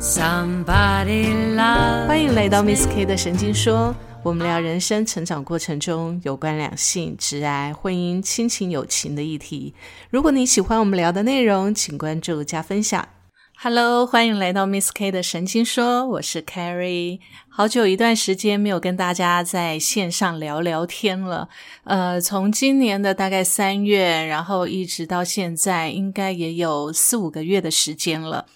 Somebody 歡迎來到 Miss K 的神經說，我們聊人生成長過程中有關兩性、職涯、婚姻、親情、友情的議題。如果你喜歡我們聊的內容，請關注加分享。Hello，歡迎來到 Miss K 的神經說，我是 Carry。好久一段時間沒有跟大家在線上聊聊天了。呃，從今年的大概三月，然後一直到現在，應該也有四五個月的時間了。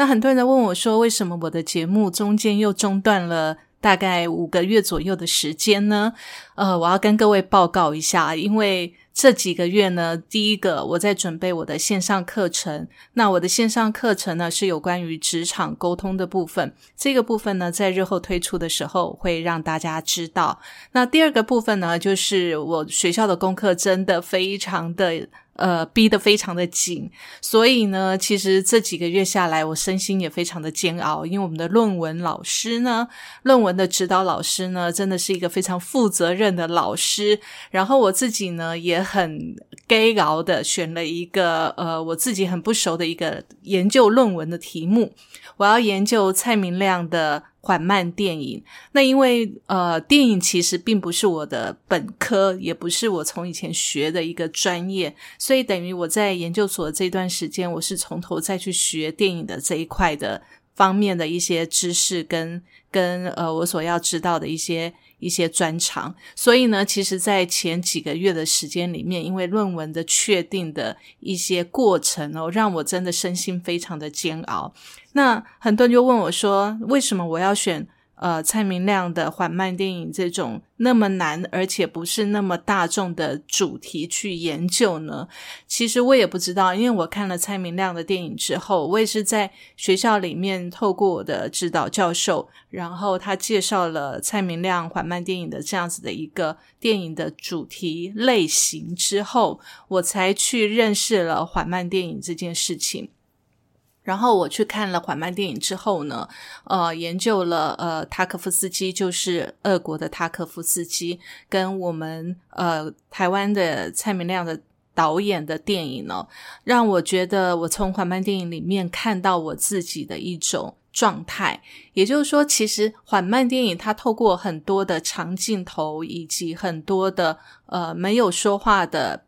那很多人問我說，為什麼我的節目中間又中斷了大概五個月左右的時間呢？呃，我要跟各位報告一下，因為這幾個月呢，第一個我在準備我的線上課程，那我的線上課程呢是有關於職場溝通的部分，這個部分呢在日後推出的時候會讓大家知道。那第二個部分呢，就是我學校的功課真的非常的。呃，逼得非常的緊，所以呢，其實這幾個月下來，我身心也非常的煎熬。因為我們的論文老師呢，論文的指導老師呢，真的是一個非常負責任的老師。然後我自己呢，也很煎熬的選了一個呃，我自己很不熟的一個研究論文的題目。我要研究蔡明亮的。緩慢電影，那因為呃，電影其實並不是我的本科，也不是我從以前學的一個專業，所以等於我在研究所這段時間，我是從頭再去學電影的這一塊的方面的一些知識跟跟呃，我所要知道的一些。一些專長，所以呢，其實，在前幾個月的時間裡面，因為論文的確定的一些過程哦，讓我真的身心非常的煎熬。那很多人就問我說：“為什麼我要選？”呃，蔡明亮的緩慢電影這種那麼難，而且不是那麼大眾的主題去研究呢？其實我也不知道，因為我看了蔡明亮的電影之後，我也是在學校裡面透過我的指導教授，然後他介紹了蔡明亮緩慢電影的這樣子的一個電影的主題類型之後，我才去認識了緩慢電影這件事情。然後我去看了緩慢電影之後呢，呃，研究了呃，塔科夫斯基，就是俄國的塔科夫斯基，跟我們呃台灣的蔡明亮的導演的電影呢，讓我覺得我從緩慢電影裡面看到我自己的一種狀態。也就是說，其實緩慢電影它透過很多的長鏡頭以及很多的呃沒有說話的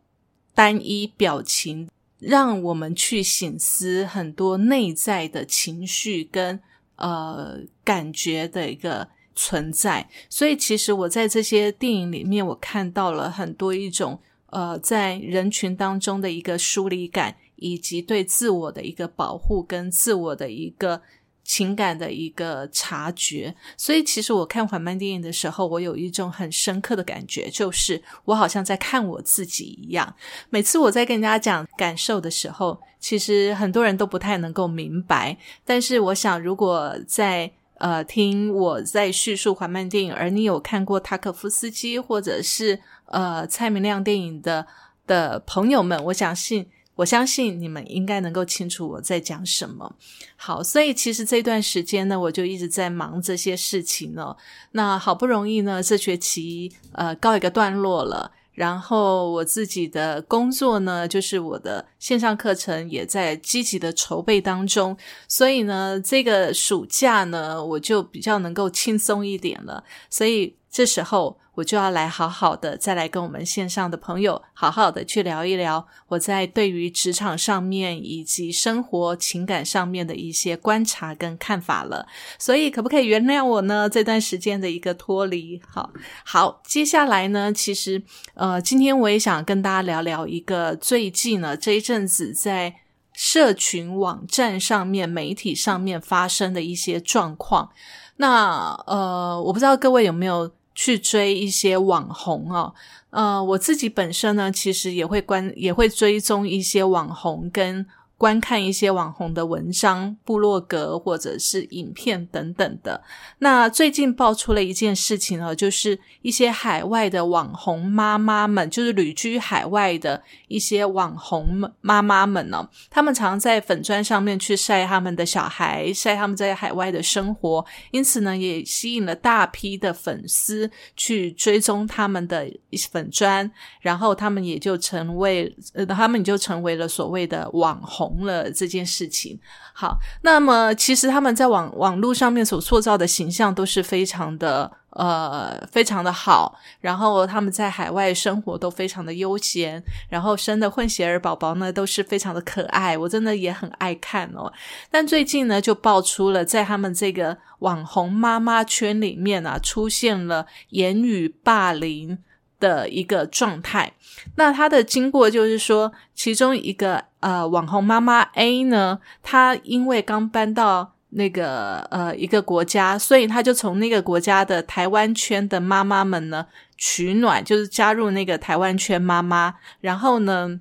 單一表情。讓我們去省思很多內在的情緒跟呃感覺的一個存在，所以其實我在這些電影裡面，我看到了很多一種呃在人群當中的一個疏離感，以及對自我的一個保護跟自我的一個。情感的一個察覺，所以其實我看緩慢電影的時候，我有一種很深刻的感覺，就是我好像在看我自己一樣。每次我在跟大家講感受的時候，其實很多人都不太能夠明白。但是我想，如果在呃聽我在敘述緩慢電影，而你有看過塔可夫斯基或者是呃蔡明亮電影的的朋友們，我相信。我相信，你們應該能夠清楚我在講什麼。好，所以其實這段時間呢，我就一直在忙這些事情呢。那好不容易呢，這學期呃告一個段落了，然後我自己的工作呢，就是我的線上課程也在積極的籌備當中。所以呢，這個暑假呢，我就比較能夠輕鬆一點了。所以。這時候我就要來好好的再來跟我們線上的朋友好好的去聊一聊我在對於職場上面以及生活情感上面的一些觀察跟看法了，所以可不可以原諒我呢？這段時間的一個脫離，好，好，接下來呢，其實呃，今天我也想跟大家聊聊一個最近呢這一陣子在社群網站上面、媒體上面發生的一些狀況。那呃，我不知道各位有沒有。去追一些網紅哦，呃，我自己本身呢，其實也會關，也會追蹤一些網紅跟。觀看一些網紅的文章、部落格或者是影片等等的。那最近爆出了一件事情呢、哦、就是一些海外的網紅媽媽們，就是旅居海外的一些網紅媽媽們呢、哦，他們常在粉專上面去曬他們的小孩，曬他們在海外的生活，因此呢，也吸引了大批的粉絲去追蹤他們的粉專，然後他們也就成為，呃、他們也就成為了所謂的網紅。了這件事情，好，那麼其實他們在網網絡上面所塑造的形象都是非常的，呃，非常的好，然後他們在海外生活都非常的悠閒，然後生的混血兒寶寶呢都是非常的可愛，我真的也很愛看哦。但最近呢就爆出了在他們這個網紅媽媽圈裡面啊出現了言語霸凌。的一個狀態，那他的經過就是說，其中一個呃網紅媽媽 A 呢，她因為剛搬到那個呃一個國家，所以她就從那個國家的台灣圈的媽媽們呢取暖，就是加入那個台灣圈媽媽，然後呢，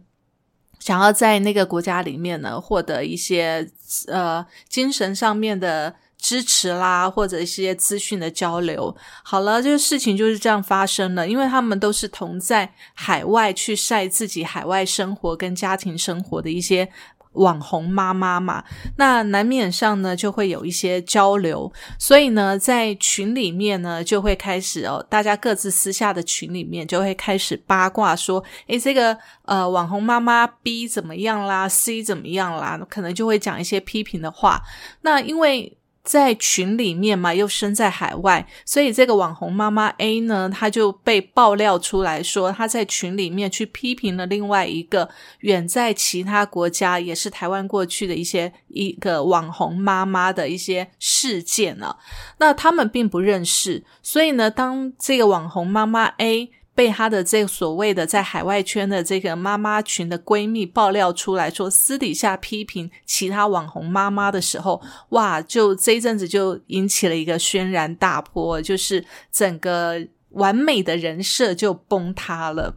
想要在那個國家裡面呢獲得一些呃精神上面的。支持啦，或者一些資訊的交流。好了，這個事情就是這樣發生了，因為他們都是同在海外去曬自己海外生活跟家庭生活的一些網紅媽媽嘛，那難免上呢就會有一些交流，所以呢，在群裡面呢就會開始哦，大家各自私下的群裡面就會開始八卦說，哎，這個呃網紅媽媽 B 怎麼樣啦，C 怎麼樣啦，可能就會講一些批評的話。那因為。在群裡面嘛，又身在海外，所以這個網紅媽媽 A 呢，她就被爆料出來說，她在群裡面去批評了另外一個遠在其他國家，也是台灣過去的一些一個網紅媽媽的一些事件了。那他們並不認識，所以呢，當這個網紅媽媽 A 被她的這所謂的在海外圈的這個媽媽群的閨蜜爆料出來說，私底下批評其他網紅媽媽的時候，哇，就這一陣子就引起了一個軒然大波，就是整個完美的人設就崩塌了。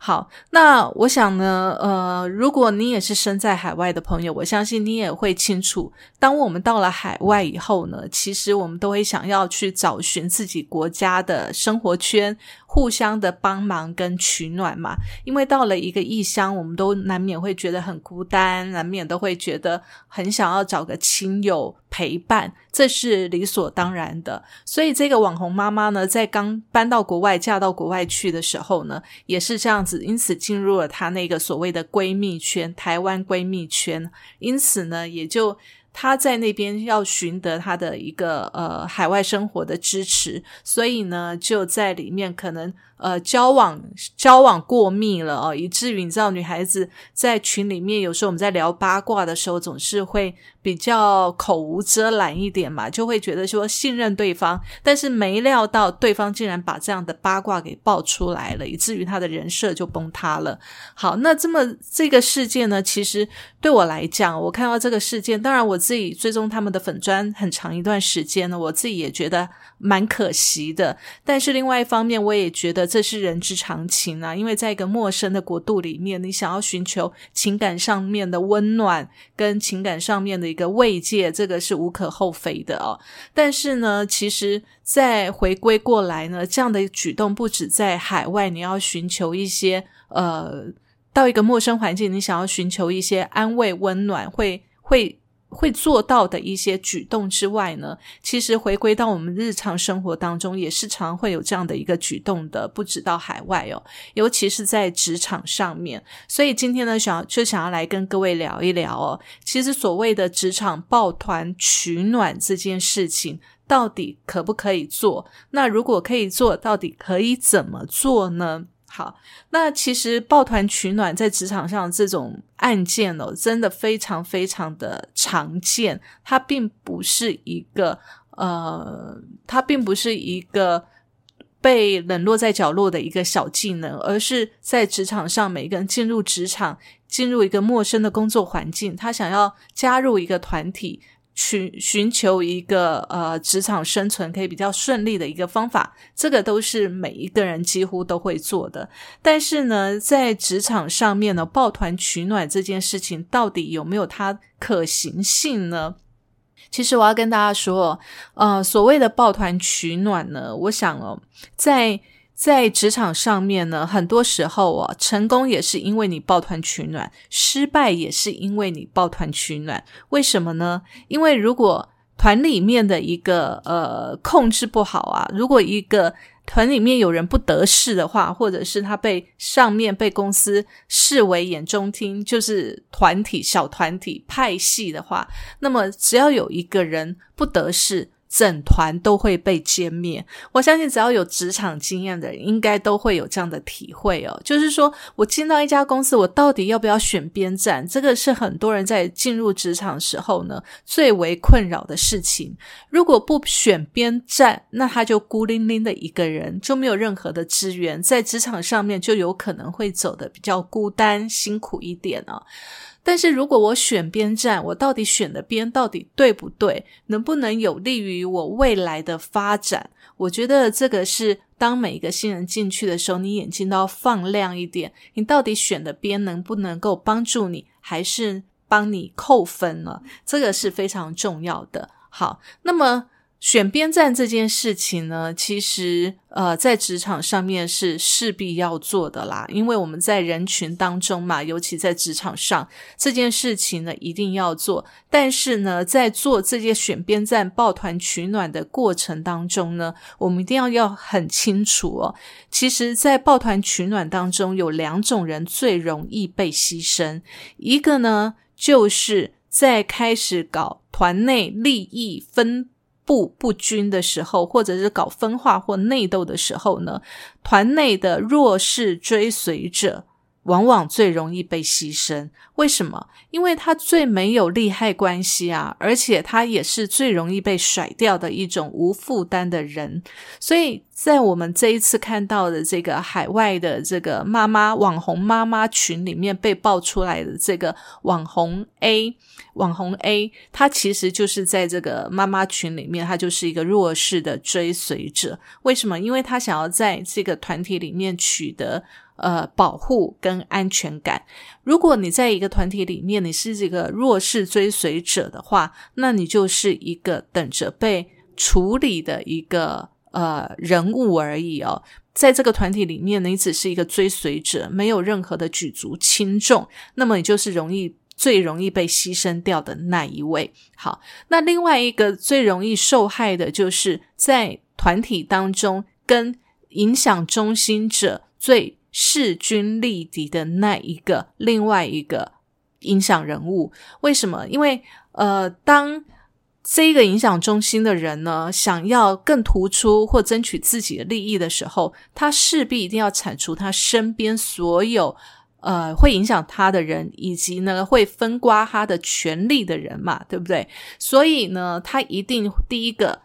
好，那我想呢，呃，如果你也是身在海外的朋友，我相信你也會清楚，當我們到了海外以後呢，其實我們都會想要去找尋自己國家的生活圈，互相的幫忙跟取暖嘛。因為到了一個異鄉，我們都難免會覺得很孤單，難免都會覺得很想要找個親友陪伴，這是理所當然的。所以這個網紅媽媽呢，在剛搬到國外，嫁到國外去的時候呢，也是這樣子。因此進入了她那個所謂的閨蜜圈，台灣閨蜜圈。因此呢，也就她在那邊要尋得她的一個呃海外生活的支持，所以呢，就在裡面可能呃交往交往過密了哦，以至於你知道，女孩子在群裡面，有時候我們在聊八卦的時候，總是會。比較口無遮攔一點嘛，就會覺得說信任對方，但是沒料到對方竟然把這樣的八卦給爆出來了，以至於他的人設就崩塌了。好，那這麼這個事件呢，其實對我來講，我看到這個事件，當然我自己追蹤他們的粉專很長一段時間呢，我自己也覺得。蠻可惜的，但是另外一方面，我也覺得這是人之常情啊。因為在一個陌生的國度裡面，你想要尋求情感上面的溫暖跟情感上面的一個慰藉，這個是無可厚非的哦。但是呢，其實，再回歸過來呢，這樣的舉動不止在海外，你要尋求一些呃，到一個陌生環境，你想要尋求一些安慰、溫暖，會會。會做到的一些舉動之外呢，其實回歸到我們日常生活當中，也是常會有這樣的一個舉動的，不止到海外哦，尤其是在職場上面。所以今天呢，想要就想要來跟各位聊一聊哦，其實所謂的職場抱團取暖這件事情，到底可不可以做？那如果可以做，到底可以怎麼做呢？好，那其實抱團取暖在職場上這種案件哦，真的非常非常的常見。它並不是一個呃，它並不是一個被冷落在角落的一個小技能，而是在職場上，每個人進入職場，進入一個陌生的工作環境，他想要加入一個團體。尋尋求一個呃職場生存可以比較順利的一個方法，這個都是每一個人幾乎都會做的。但是呢，在職場上面呢，抱團取暖這件事情到底有沒有它可行性呢？其實我要跟大家說，呃，所謂的抱團取暖呢，我想哦，在。在職場上面呢，很多時候哦，成功也是因為你抱團取暖，失敗也是因為你抱團取暖。為什麼呢？因為如果團裡面的一個呃控制不好啊，如果一個團裡面有人不得勢的話，或者是他被上面被公司視為眼中釘，就是團體小團體派系的話，那麼只要有一個人不得勢。整團都會被殲滅。我相信，只要有職場經驗的人，應該都會有這樣的體會哦。就是說我進到一家公司，我到底要不要選邊站？這個是很多人在進入職場時候呢，最為困擾的事情。如果不選邊站，那他就孤零零的一個人，就沒有任何的資源，在職場上面就有可能會走得比較孤單、辛苦一點啊、哦。但是如果我選邊站，我到底選的邊到底對不對？能不能有利於我未來的發展？我覺得這個是當每一個新人進去的時候，你眼睛都要放亮一點。你到底選的邊能不能夠幫助你，還是幫你扣分了？這個是非常重要的。好，那麼。選邊站這件事情呢，其實呃，在職場上面是勢必要做的啦，因為我們在人群當中嘛，尤其在職場上這件事情呢，一定要做。但是呢，在做這些選邊站、抱團取暖的過程當中呢，我們一定要要很清楚哦。其實，在抱團取暖當中，有兩種人最容易被犧牲，一個呢，就是在開始搞團內利益分不不均的時候，或者是搞分化或內鬥的時候呢，團內的弱勢追隨者，往往最容易被犧牲，為什麼？因為他最沒有利害關係啊，而且他也是最容易被甩掉的一種無負擔的人。所以在我們這一次看到的這個海外的這個媽媽網紅媽媽群裡面被爆出來的這個網紅 A，網紅 A，他其實就是在這個媽媽群裡面，他就是一個弱勢的追隨者。為什麼？因為他想要在這個團體裡面取得。呃，保護跟安全感。如果你在一個團體裡面，你是這個弱勢追隨者的話，那你就是一個等着被處理的一個呃人物而已哦。在這個團體裡面呢，你只是一個追隨者，沒有任何的舉足輕重，那麼你就是容易最容易被犧牲掉的那一位。好，那另外一個最容易受害的就是在團體當中跟影響中心者最。勢均力敵的那一個，另外一個影響人物，為什麼？因為呃，當這個影響中心的人呢，想要更突出或爭取自己的利益的時候，他勢必一定要剷除他身邊所有呃會影響他的人，以及呢會分瓜他的權力的人嘛，對不對？所以呢，他一定第一個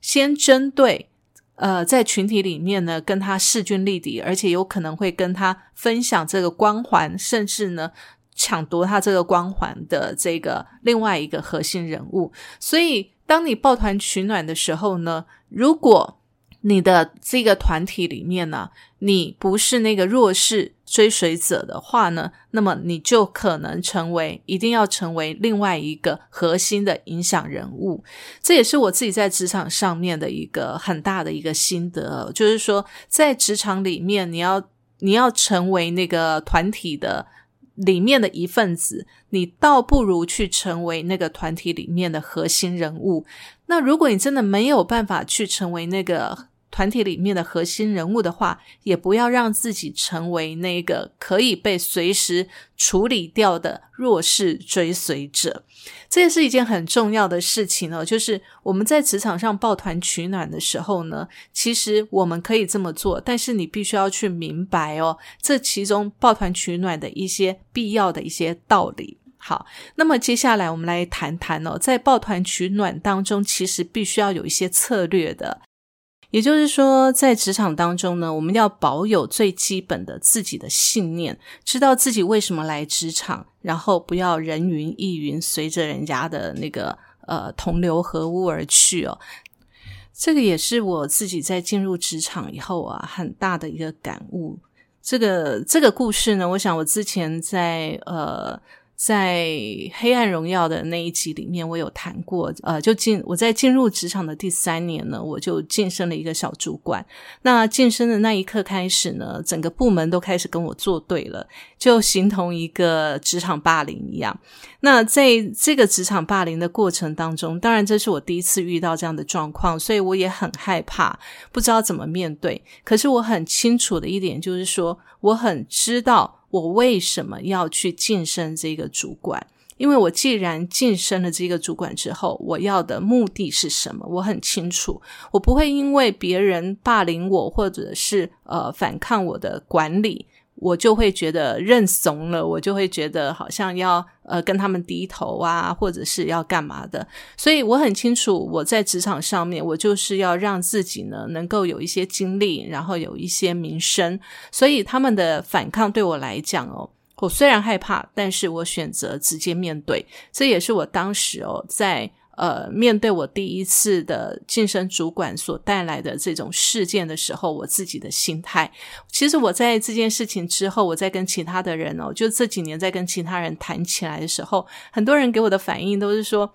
先針對。呃，在群體裡面呢，跟他勢均力敵，而且有可能會跟他分享這個光環，甚至呢，搶奪他這個光環的這個另外一個核心人物。所以，當你抱團取暖的時候呢，如果。你的這個團體裡面呢，啊，你不是那個弱勢追隨者的話呢，那麼你就可能成為一定要成為另外一個核心的影響人物。這也是我自己在職場上面的一個很大的一個心得，就是說在職場裡面，你要你要成為那個團體的裡面的一份子，你倒不如去成為那個團體裡面的核心人物。那如果你真的沒有辦法去成為那個團體裡面的核心人物的話，也不要讓自己成為那個可以被隨時處理掉的弱勢追隨者，這也是一件很重要的事情哦。就是我們在職場上抱團取暖的時候呢，其實我們可以這麼做，但是你必須要去明白哦，這其中抱團取暖的一些必要的一些道理。好，那麼接下來我們來談談哦，在抱團取暖當中，其實必須要有一些策略的。也就是說，在職場當中呢，我們要保有最基本的自己的信念，知道自己為什麼來職場，然後不要人云亦云，隨着人家的那個呃同流合汙而去哦。這個也是我自己在進入職場以後啊，很大的一個感悟。這個這個故事呢，我想我之前在呃。在《黑暗榮耀》的那一集裡面，我有談過，呃，就進，我在進入職場的第三年呢，我就晉升了一個小主管。那晉升的那一刻開始呢，整個部門都開始跟我作對了，就形同一個職場霸凌一樣。那在這個職場霸凌的過程當中，當然這是我第一次遇到這樣的狀況，所以我也很害怕，不知道怎麼面對。可是我很清楚的一點就是說，我很知道。我為什麼要去晉升這個主管？因為我既然晉升了這個主管之後，我要的目的是什麼？我很清楚，我不會因為別人霸凌我，或者是，呃，反抗我的管理。我就會覺得認慫了，我就會覺得好像要呃跟他們低頭啊，或者是要幹嘛的。所以我很清楚，我在職場上面，我就是要讓自己呢能夠有一些經歷，然後有一些名聲。所以他們的反抗對我來講，哦，我雖然害怕，但是我選擇直接面對。這也是我當時哦在。呃，面對我第一次的晉升主管所帶來的這種事件的時候，我自己的心態。其實我在這件事情之後，我在跟其他的人哦，就這幾年在跟其他人談起來的時候，很多人給我的反應都是說，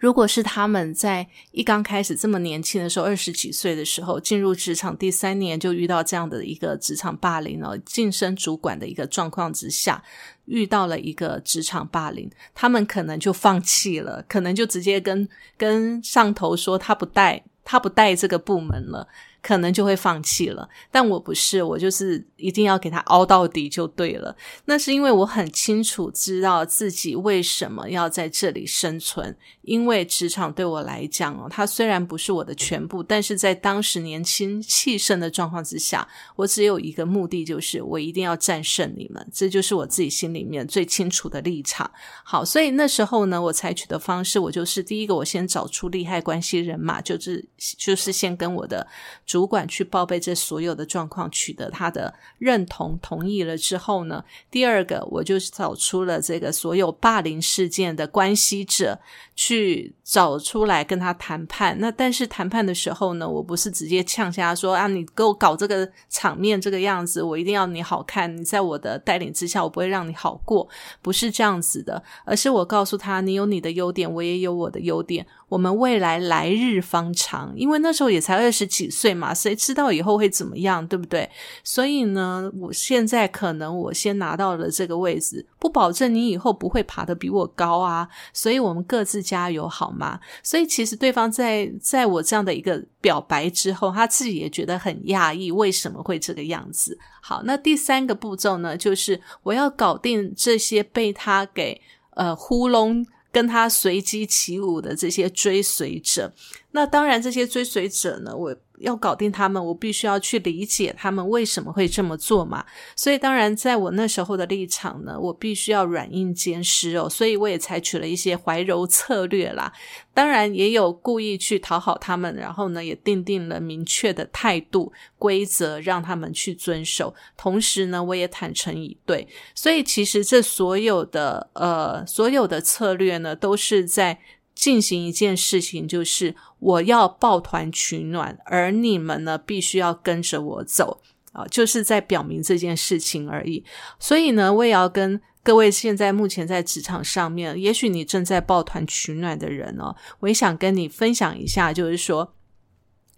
如果是他們在一剛開始這麼年輕的時候，二十幾歲的時候進入職場第三年就遇到這樣的一個職場霸凌了，晉升主管的一個狀況之下，遇到了一個職場霸凌，他們可能就放棄了，可能就直接跟跟上頭說他不帶，他不帶這個部門了。可能就會放棄了，但我不是，我就是一定要給他凹到底就對了。那是因為我很清楚知道自己為什麼要在這裡生存，因為職場對我來講，哦，它雖然不是我的全部，但是在當時年輕氣盛的狀況之下，我只有一個目的，就是我一定要戰勝你們。這就是我自己心裡面最清楚的立場。好，所以那時候呢，我採取的方式，我就是第一個，我先找出利害關係人嘛，就是就是先跟我的。主管去報備這所有的狀況，取得他的認同同意了之後呢，第二個我就找出了這個所有霸凌事件的關係者，去找出來跟他談判。那但是談判的時候呢，我不是直接嗆下說啊，你給我搞這個場面這個樣子，我一定要你好看。你在我的帶領之下，我不會讓你好過，不是這樣子的，而是我告訴他，你有你的優點，我也有我的優點，我們未來來日方長。因為那時候也才二十幾歲嘛。嘛，誰知道以後會怎麼樣，對不對？所以呢，我現在可能我先拿到了這個位置，不保證你以後不會爬得比我高啊。所以我們各自加油好嗎？所以其實對方在在我這樣的一個表白之後，他自己也覺得很訝異，為什麼會這個樣子？好，那第三個步驟呢，就是我要搞定這些被他給呃呼隆跟他隨機起舞的這些追隨者。那當然，這些追隨者呢，我。要搞定他們，我必須要去理解他們為什麼會這麼做嘛。所以，當然，在我那時候的立場呢，我必須要軟硬兼施哦。所以，我也採取了一些懷柔策略啦。當然，也有故意去討好他們，然後呢，也訂定了明確的態度規則，讓他們去遵守。同時呢，我也坦誠以對。所以，其實這所有的呃，所有的策略呢，都是在。進行一件事情，就是我要抱團取暖，而你們呢，必須要跟着我走啊，就是在表明這件事情而已。所以呢，我也要跟各位現在目前在職場上面，也許你正在抱團取暖的人哦，我也想跟你分享一下，就是說，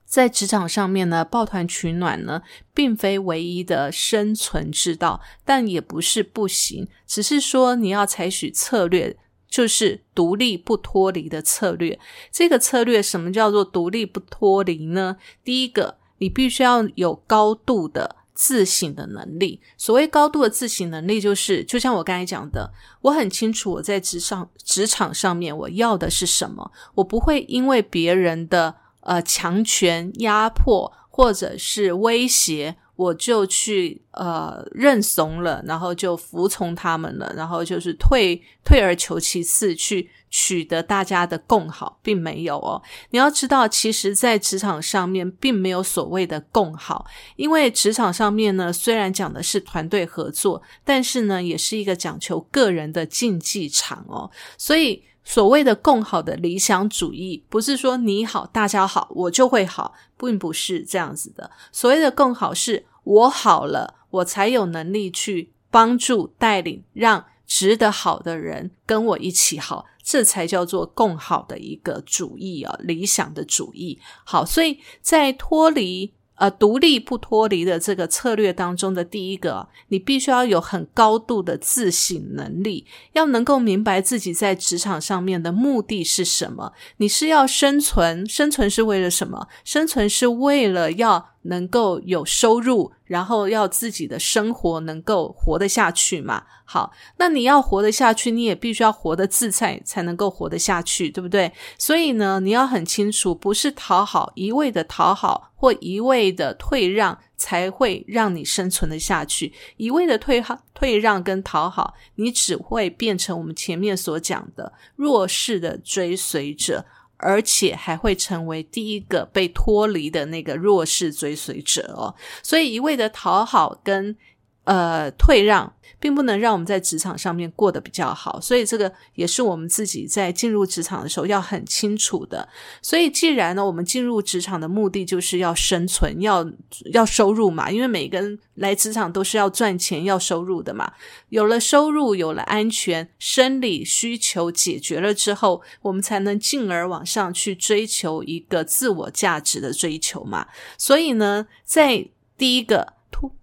在職場上面呢，抱團取暖呢，並非唯一的生存之道，但也不是不行，只是說你要採取策略。就是獨立不脫離的策略。這個策略什麼叫做獨立不脫離呢？第一個，你必須要有高度的自省的能力。所謂高度的自省能力，就是就像我剛才講的，我很清楚我在職上職場上面我要的是什麼，我不會因為別人的呃強權壓迫或者是威脅。我就去呃認慫了，然後就服從他們了，然後就是退退而求其次，去取得大家的共好，並沒有哦。你要知道，其實，在職場上面並沒有所謂的共好，因為職場上面呢，雖然講的是團隊合作，但是呢，也是一個講求個人的競技場哦。所以，所謂的共好的理想主義，不是說你好，大家好，我就會好，並不是這樣子的。所謂的共好是。我好了，我才有能力去幫助、帶領，讓值得好的人跟我一起好，這才叫做共好的一個主義啊，理想的主義。好，所以在脫離呃獨立不脫離的這個策略當中的第一個啊，你必須要有很高度的自省能力，要能夠明白自己在職場上面的目的是什麼。你是要生存，生存是為了什麼？生存是為了要。能夠有收入，然後要自己的生活能夠活得下去嘛。好，那你要活得下去，你也必須要活得自在，才能夠活得下去，對不對？所以呢，你要很清楚，不是討好，一味的討好或一味的退讓，才會讓你生存得下去。一味的退退讓跟討好，你只會變成我們前面所講的弱勢的追隨者。而且還會成為第一個被脫離的那個弱勢追隨者哦，所以一味的討好跟。呃，退讓並不能讓我們在職場上面過得比較好，所以這個也是我們自己在進入職場的時候要很清楚的。所以，既然呢，我們進入職場的目的就是要生存，要要收入嘛，因為每個人來職場都是要賺錢、要收入的嘛。有了收入，有了安全，生理需求解決了之後，我們才能進而往上去追求一個自我價值的追求嘛。所以呢，在第一個。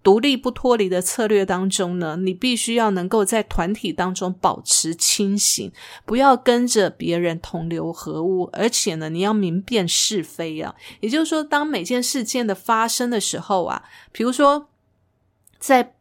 獨立不脫離的策略當中呢，你必須要能夠在團體當中保持清醒，不要跟着別人同流合污，而且呢，你要明辨是非啊。也就是說，當每件事件的發生的時候啊，比如說在。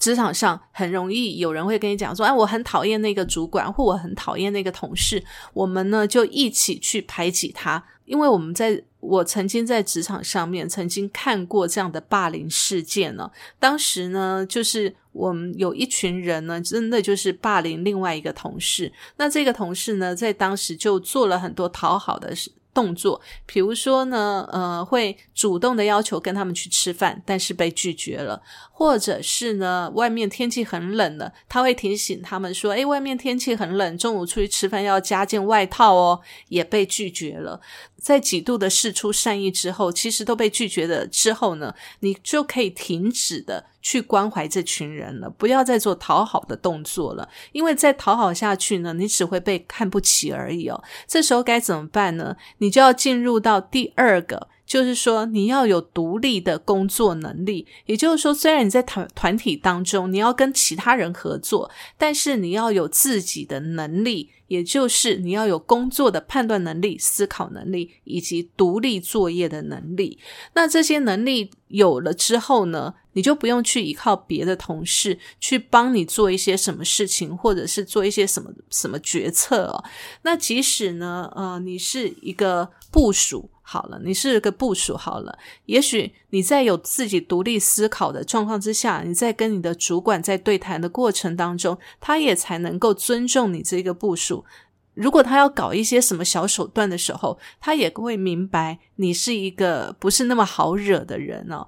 職場上很容易有人會跟你講說：“哎，我很討厭那個主管，或我很討厭那個同事。”我們呢就一起去排擠他，因為我們在我曾經在職場上面曾經看過這樣的霸凌事件呢。當時呢，就是我們有一群人呢，真的就是霸凌另外一個同事。那這個同事呢，在當時就做了很多討好的事。動作，比如說呢，呃，會主動的要求跟他們去吃飯，但是被拒絕了；或者是呢，外面天氣很冷了，他會提醒他們說，誒，外面天氣很冷，中午出去吃飯要加件外套哦，也被拒絕了。在幾度的釋出善意之後，其實都被拒絕的之後呢，你就可以停止的，去關懷這群人了，不要再做討好的動作了，因為再討好下去呢，你只會被看不起而已哦。這時候該怎麼辦呢？你就要進入到第二個，就是說你要有獨立的工作能力。也就是說，雖然你在團團體當中你要跟其他人合作，但是你要有自己的能力，也就是你要有工作的判斷能力、思考能力以及獨立作業的能力。那這些能力有了之後呢？你就不用去依靠別的同事去幫你做一些什麼事情，或者是做一些什麼什麼決策哦。那即使呢，呃，你是一個部署好了，你是一個部署好了，也許你在有自己獨立思考的狀況之下，你在跟你的主管在對談的過程當中，他也才能夠尊重你這個部署。如果他要搞一些什麼小手段的時候，他也會明白你是一個不是那麼好惹的人哦。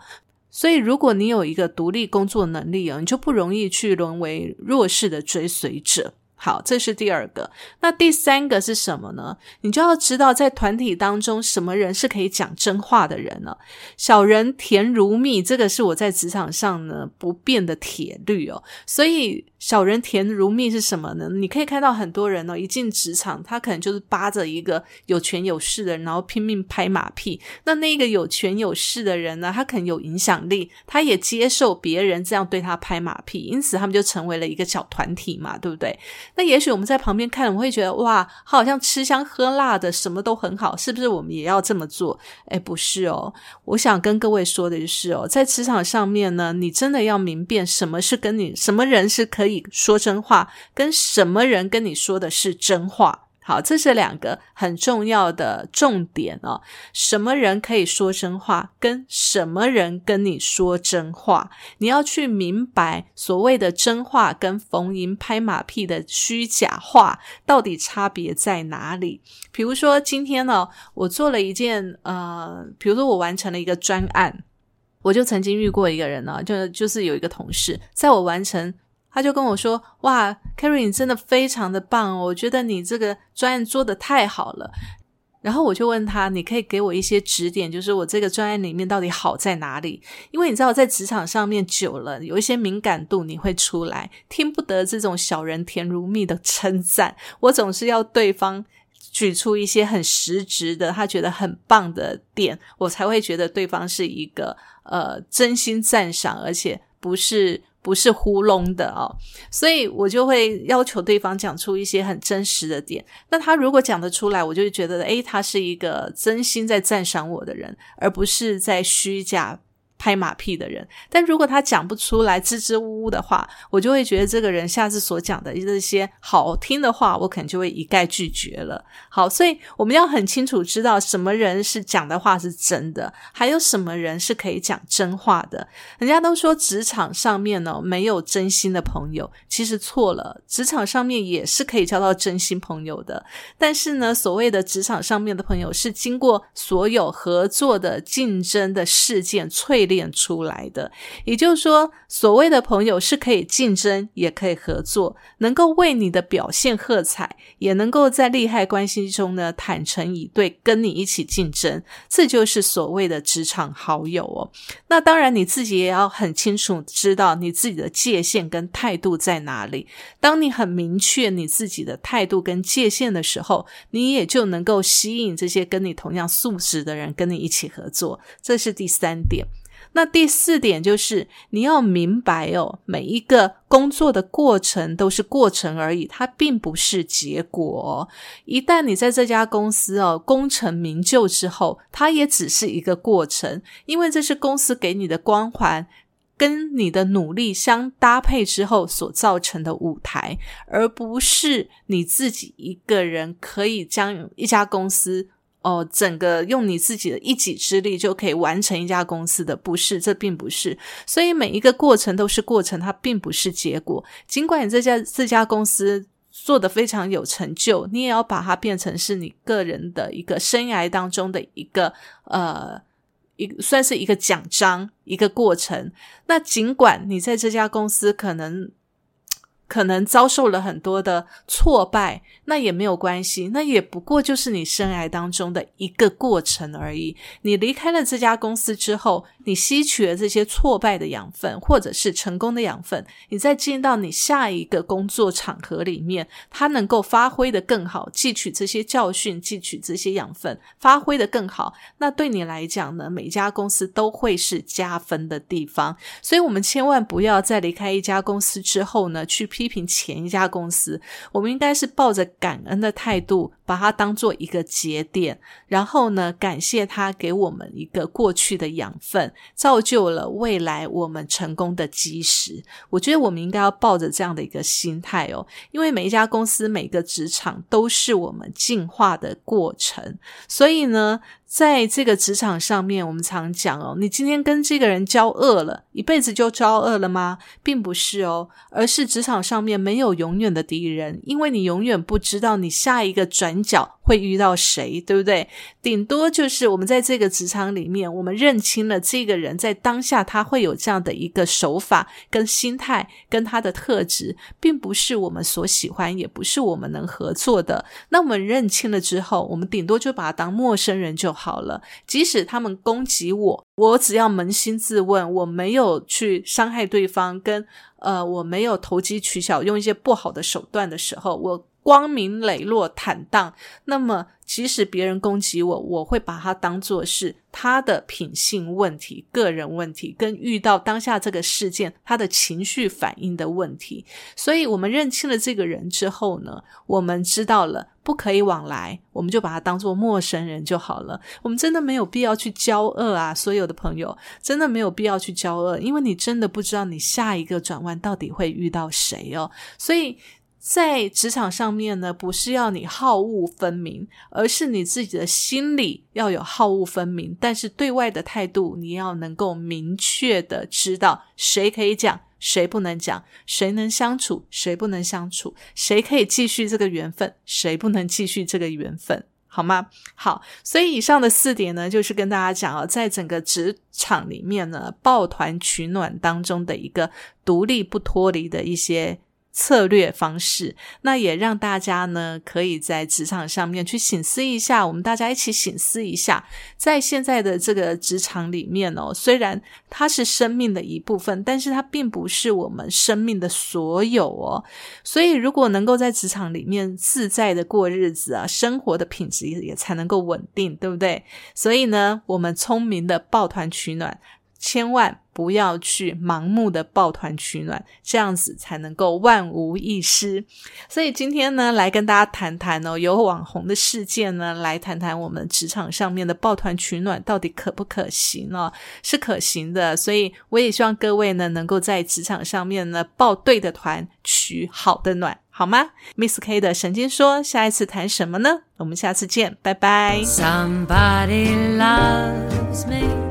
所以，如果你有一個獨立工作能力啊，你就不容易去淪為弱勢的追隨者。好，這是第二個。那第三個是什麼呢？你就要知道，在團體當中，什麼人是可以講真話的人呢？小人甜如蜜，這個是我在職場上呢不變的鐵律哦。所以，小人甜如蜜是什麼呢？你可以看到很多人呢、哦，一進職場，他可能就是扒着一個有權有勢的人，然後拼命拍馬屁。那那個有權有勢的人呢，他可能有影響力，他也接受別人這樣對他拍馬屁，因此他們就成為了一個小團體嘛，對不對？那也許我們在旁邊看，我們會覺得哇，他好像吃香喝辣的，什麼都很好，是不是，我們也要這麼做？誒、欸，不是哦。我想跟各位說的就是哦，在職場上面呢，你真的要明辨什麼是跟你，什麼人是可以說真話，跟什麼人跟你說的是真話。好，這是兩個很重要的重點哦。什麼人可以說真話，跟什麼人跟你說真話，你要去明白所謂的真話跟逢迎拍馬屁的虛假話到底差別在哪裡。比如說，今天呢、哦，我做了一件呃，比如說我完成了一個專案，我就曾經遇過一個人呢、哦，就就是有一個同事，在我完成。他就跟我說：“哇，Kerry，你真的非常的棒哦，我覺得你這個專案做得太好了。”然後我就問他：“你可以給我一些指點，就是我這個專案裡面到底好在哪裡？”因為你知道，我在職場上面久了，有一些敏感度，你會出來聽不得這種小人甜如蜜的稱讚。我總是要對方舉出一些很實質的，他覺得很棒的點，我才會覺得對方是一個呃真心讚賞，而且不是。不是糊弄的哦，所以我就會要求對方講出一些很真實的點。那他如果講得出來，我就會覺得，誒，他是一個真心在讚賞我的人，而不是在虛假。拍馬屁的人，但如果他講不出來，支支吾吾的話，我就會覺得這個人下次所講的這些好聽的話，我可能就會一概拒絕了。好，所以我們要很清楚知道什麼人是講的話是真的，還有什麼人是可以講真話的。人家都說職場上面呢，沒有真心的朋友，其實錯了，職場上面也是可以交到真心朋友的。但是呢，所謂的職場上面的朋友是經過所有合作的競爭的事件淬練出來的，也就是說，所謂的朋友是可以競爭，也可以合作，能夠為你的表現喝彩，也能夠在利害關係中呢坦誠以對，跟你一起競爭，這就是所謂的職場好友哦。那當然，你自己也要很清楚知道你自己的界限跟態度在哪裡。當你很明確你自己的態度跟界限的時候，你也就能夠吸引這些跟你同樣素質的人跟你一起合作。這是第三點。那第四點就是，你要明白哦，每一個工作的過程都是過程而已，它並不是結果哦。一旦你在這家公司哦功成名就之後，它也只是一個過程，因為這是公司給你的光環跟你的努力相搭配之後所造成的舞台，而不是你自己一個人可以將一家公司。哦，整個用你自己的一己之力就可以完成一家公司的，不是？這並不是，所以每一個過程都是過程，它並不是結果。儘管你這家這家公司做得非常有成就，你也要把它變成是你個人的一個生涯當中的一個呃，一算是一個獎章，一個過程。那儘管你在這家公司可能。可能遭受了很多的挫敗，那也沒有關係，那也不過就是你生涯當中的一個過程而已。你離開了這家公司之後，你吸取了這些挫敗的養分，或者是成功的養分，你再進到你下一個工作場合裡面，它能夠發揮的更好，汲取這些教訓，汲取這些養分，發揮的更好。那對你來講呢，每家公司都會是加分的地方，所以我們千萬不要在離開一家公司之後呢去。批評前一家公司，我們應該是抱着感恩的態度，把它當做一個節點，然後呢，感謝他給我們一個過去的養分，造就了未來我們成功的基石。我覺得我們應該要抱着這樣的一個心態哦，因為每一家公司、每個職場都是我們進化的過程，所以呢。在這個職場上面，我們常講哦，你今天跟這個人交惡了，一輩子就交惡了嗎？並不是哦，而是職場上面沒有永遠的敵人，因為你永遠不知道你下一個轉角。會遇到誰？對不對？頂多就是我們在這個職場裡面，我們認清了這個人，在當下他會有這樣的一個手法，跟心態，跟他的特質，並不是我們所喜歡，也不是我們能合作的。那我們認清了之後，我們頂多就把他當陌生人就好了。即使他們攻擊我，我只要捫心自問，我沒有去傷害對方，跟呃，我沒有投機取巧，用一些不好的手段的時候，我光明磊落、坦蕩。那麼，即使別人攻擊我，我會把他當做是他的品性問題、個人問題，跟遇到當下這個事件他的情緒反應的問題。所以，我們認清了這個人之後呢，我們知道了不可以往來，我們就把他當做陌生人就好了。我們真的沒有必要去交惡啊！所有的朋友真的沒有必要去交惡，因為你真的不知道你下一個轉彎到底會遇到誰哦。所以。在職場上面呢，不是要你好惡分明，而是你自己的心裡要有好惡分明，但是對外的態度，你要能夠明確的知道誰可以講，誰不能講，誰能相處，誰不能相處，誰可以繼續這個緣分，誰不能繼續這個緣分，好嗎？好，所以以上的四點呢，就是跟大家講哦，在整個職場裡面呢，抱團取暖當中的一個獨立不脫離的一些策略方式，那也讓大家呢，可以在職場上面去省思一下。我們大家一起省思一下，在現在的這個職場裡面哦，雖然它是生命的一部分，但是它並不是我們生命的所有哦。所以，如果能夠在職場裡面自在的過日子啊，生活的品質也才能夠穩定，對不對？所以呢，我們聰明的抱團取暖，千萬。不要去盲目的抱團取暖，這樣子才能夠萬無一失。所以今天呢，來跟大家談談哦，有網紅的事件呢，來談談我們職場上面的抱團取暖到底可不可行呢、哦？是可行的，所以我也希望各位呢，能夠在職場上面呢，抱對的團，取好的暖，好嗎？Miss K 的神經說，下一次談什麼呢？我們下次見，拜拜。Somebody loves me.